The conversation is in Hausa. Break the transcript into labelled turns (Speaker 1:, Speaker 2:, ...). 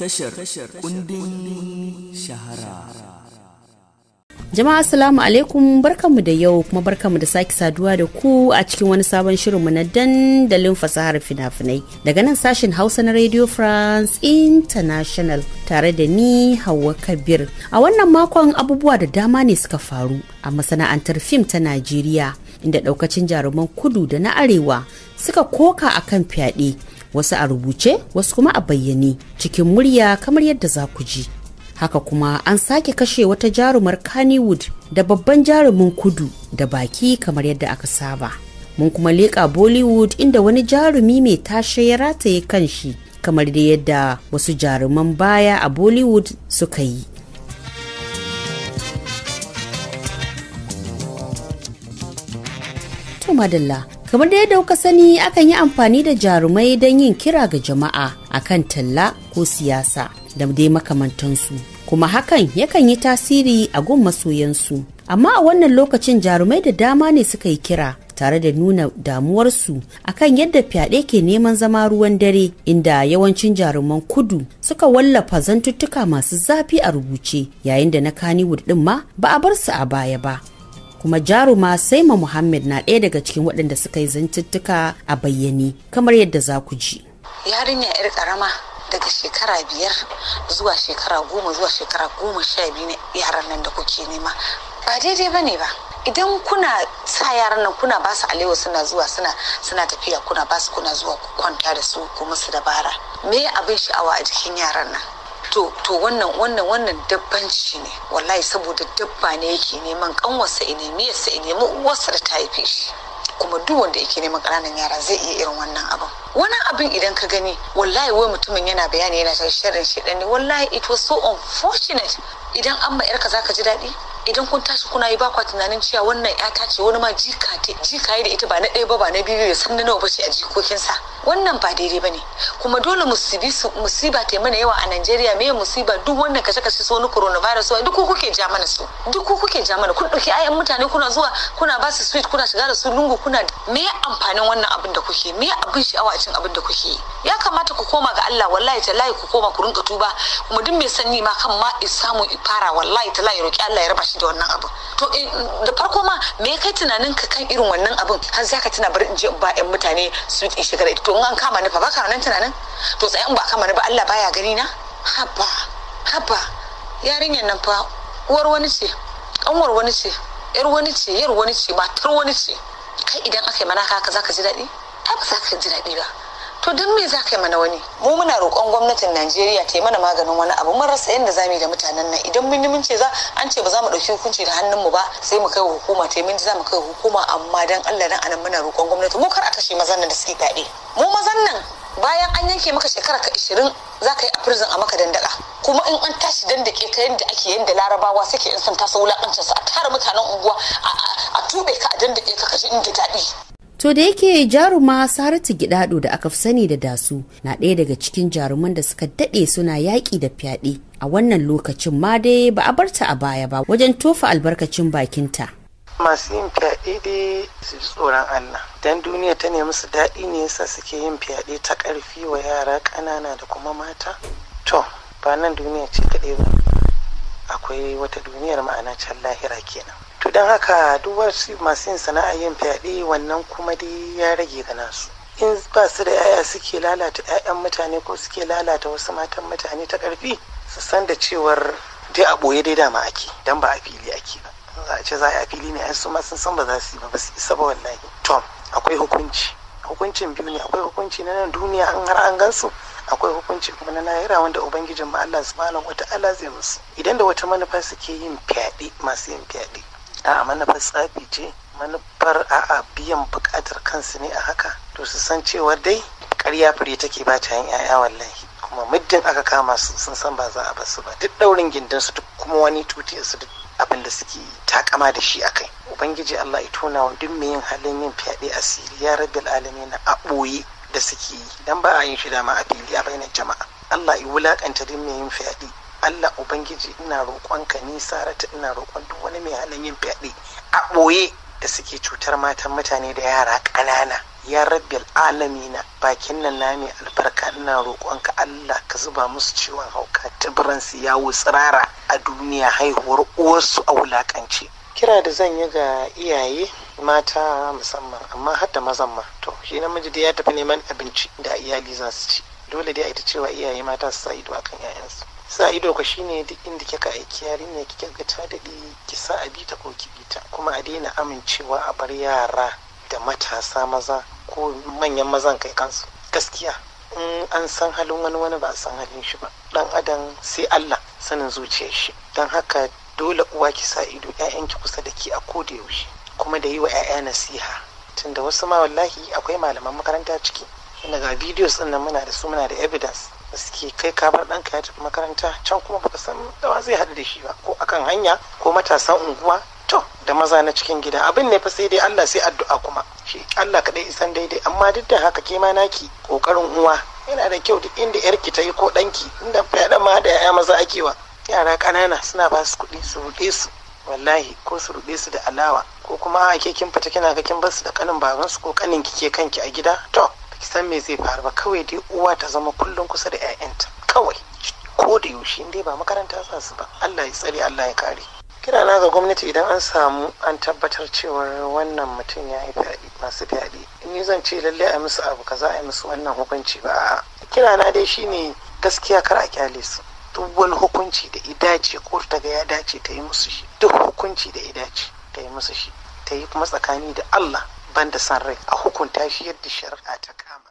Speaker 1: tashar kundin shahara jama'a assalamu alaikum barkanmu da yau kuma barkanmu da sake saduwa da ku a cikin wani sabon shirinmu na dandalin fasahar fina-finai daga nan sashen hausa na radio france international tare da ni hawa kabir a wannan makon abubuwa da dama ne suka faru a masana'antar fim ta najeriya inda daukacin jaruman kudu da na arewa suka koka akan fyaɗe wasu a rubuce wasu kuma a bayyane cikin murya kamar yadda za ku ji haka kuma an sake kashe wata jarumar kannywood da babban jarumin kudu da baki kamar yadda aka saba mun kuma leƙa bollywood inda wani jarumi mai tashe ya rataye kan shi kamar da yadda wasu jaruman baya a bollywood suka yi madalla kamar da yadda kuka sani akan yi amfani da jarumai don yin kira ga jama'a a kan talla ko siyasa da dai makamantansu kuma hakan yakan yi tasiri a gun masoyansu amma a wannan lokacin jarumai da dama ne suka yi kira tare da nuna damuwarsu akan yadda fyaɗe ke neman zama ruwan dare inda yawancin jaruman kudu suka wallafa zantuttuka masu zafi a rubuce yayin da na kani ɗin ma ba a bar su a baya ba kuma jaruma saima muhammad na ɗaya daga cikin waɗanda suka yi zantuttuka a bayyane kamar yadda za ku ji
Speaker 2: yarinya yar karama daga shekara biyar zuwa shekara goma zuwa shekara goma sha biyu ne yaran nan da kuke nema ba daidai ba ne ba idan kuna sa yaran nan kuna ba su alewa suna zuwa suna suna tafiya kuna ba su kuna zuwa kwanta da su ku musu dabara me abin sha'awa a jikin yaran nan to to wannan wannan wannan dabbanci ne wallahi saboda dabba ne yake neman kanwarsa ya nemi yasa ya mu uwarsa da ta haife shi kuma duk wanda yake neman ƙananan yara zai iya irin wannan abin wani abin idan ka gani wallahi wai mutumin yana bayani yana ta sharrin shi ne wallahi it was so unfortunate idan an ma yarka zaka ji daɗi idan kun tashi kuna yi bakwa tunanin cewa wannan yata ce wani ma jika jika da ita ba na ɗaya ba ba na biyu ya san nawa ba ce a jikokinsa wannan ba daidai ba ne kuma dole musiba ta mana yawa a najeriya me musiba duk wannan kashe kashe su wani coronavirus duk kuke ja mana su duk kuke ja mana kun dauki ayan mutane kuna zuwa kuna ba su sweet kuna shiga da su lungu kuna me amfanin wannan abin da kuke me abin sha'awa cin abin da kuke ya kamata ku koma ga Allah wallahi tallahi ku koma ku rinka tuba kuma duk mai sanyi ma kan ma samu fara wallahi tallahi roki Allah ya raba shi da wannan abu to eh, da farko ma me kai tunanin ka kan irin wannan abin har zaka tuna bari in je ba 'yan mutane sweet in shiga da ita to in an kama ni fa baka nan tunanin to sai in ba kama ni ba Allah baya gani na haba haba yarinyar nan fa uwar wani ce kanwar wani ce yar wani ce yar wani ce matar wani ce kai idan aka yi mana haka zaka ji daɗi ai ba za ka ji daɗi ba to duk me za ka yi mana wani mu muna roƙon gwamnatin najeriya ta yi mana maganin wani abu mun rasa yadda za mu yi da mutanen nan idan mun yi mun ce za an ce ba za mu ɗauki hukunci da hannun mu ba sai mu kai hukuma ta yi mun za mu kai hukuma amma dan allah dan anan muna roƙon gwamnati mu kar a kashe mazan nan da suke daɗe. mu mazan nan bayan an yanke maka shekara ka ishirin za ka yi a prison a maka dandaka kuma in an tashi dandake ka yadda ake yadda larabawa suke in san tasa wulakancin su a tara mutanen unguwa a tuɓe ka a dandake ka kashe inda daɗi
Speaker 1: To da yake jaruma Saratu Gidado da aka fi sani da dasu na ɗaya daga cikin jaruman da suka daɗe suna yaƙi da fyaɗe a wannan lokacin ma dai ba a barta a baya ba wajen tofa albarkacin bakinta.
Speaker 3: Masu yin fyaɗe dai su ji tsoron Allah. Dan duniya ta nemi su daɗi ne yasa suke yin fyaɗe ta ƙarfi wa yara ƙanana da kuma mata. To, ba nan duniya ce kaɗai ba. Akwai wata duniyar ma'ana can lahira kenan. Idan don haka duk wasu masu yin sana'a yin fyaɗe wannan kuma dai ya rage ga nasu in ba su da 'ya'ya suke lalata 'ya'yan mutane ko suke lalata wasu matan mutane ta ƙarfi su san da cewar dai a ɓoye dai dama ake don ba a fili ake ba za a ce za a yi a fili ne su ma sun san ba za su yi ba ba su isa ba wallahi tom akwai hukunci hukuncin biyu ne akwai hukunci na nan duniya an har an gansu akwai hukunci kuma na lahira wanda ubangijin ma Allah subhanahu wata'ala zai musu idan da wata manufa suke yin fyaɗe masu yin fyaɗe a manufar tsafi ce manufar a'a biyan bukatar kansu ne a haka to su san cewa dai Karya fure take ba ta yin 'ya'ya wallahi kuma muddin aka kama su sun san ba za a basu ba duk daurin gindin su duk kuma wani tuti su duk abin da suke takama da shi akai ubangiji Allah ya tona wa duk yin halin yin fyaɗe asiri ya rabbil alamin a ɓoye da suke yi dan ba a yin shi ma a fili a bainar jama'a Allah ya wulakanta duk yin fyaɗe Allah Ubangiji ina ka ni Saratu ina roƙon duk wani mai halin yin fyaɗe a ɓoye da suke cutar matan mutane da yara ƙanana ya rabbi alamina bakin nan na mai albarka ina ka Allah ka zuba musu ciwon hauka ya yawo tsirara a duniya haihuwar uwarsu a wulaƙance. kira da zan yi ga iyaye mata musamman amma har da mazan ma to shi namiji da ya tafi neman abinci da iyali za su ci dole dai a ita cewa iyaye mata su sa ido a kan 'ya'yansu sa ido ka shine duk inda kika aiki yarinya kika ga ta daɗi ki sa a bita ko ki bita kuma a daina amincewa a bar yara da matasa maza ko manyan mazan kai kansu gaskiya in an san halin wani wani ba a san halin shi ba dan adam sai Allah sanin zuciyar shi dan haka dole uwa ki sa ido ki kusa da ki a ko da yaushe kuma da yi wa 'ya'ya nasiha tunda wasu ma wallahi akwai malaman makaranta ciki inda ga videos din nan muna da su muna da evidence da suke kai kamar ɗanka ya tafi makaranta can kuma baka san dawa zai haɗu da shi ba ko akan hanya ko matasan unguwa to da maza na cikin gida abin ne fa sai dai Allah sai addu'a kuma shi Allah kaɗai isan daidai amma duk da haka ke ma naki ƙoƙarin uwa yana da kyau duk inda yarki ta yi ko ɗanki inda fyaɗe ma da yaya maza ake wa yara ƙanana suna ba su kuɗi su ruɗe su wallahi ko su ruɗe su da alawa ko kuma a ke kin fita kina ga kin bar su da kanin babansu ko kanin ke kanki a gida to baki san me zai faru ba kawai dai uwa ta zama kullum kusa da 'ya'yanta kawai ko da yaushe dai ba makaranta za su ba Allah ya tsare Allah ya kare kira na ga gwamnati idan an samu an tabbatar cewa wannan mutum ya yi fyaɗe masu fyaɗe ni zan ce lallai a musu abu kaza a musu wannan hukunci ba a'a kira na dai shine gaskiya kar a kyale su duk wani hukunci da ya dace ko ta ga ya dace ta yi musu shi duk hukunci da ya dace ta yi musu shi ta yi kuma tsakani da Allah banda san rai a hukunta shi yadda shari'a ta kama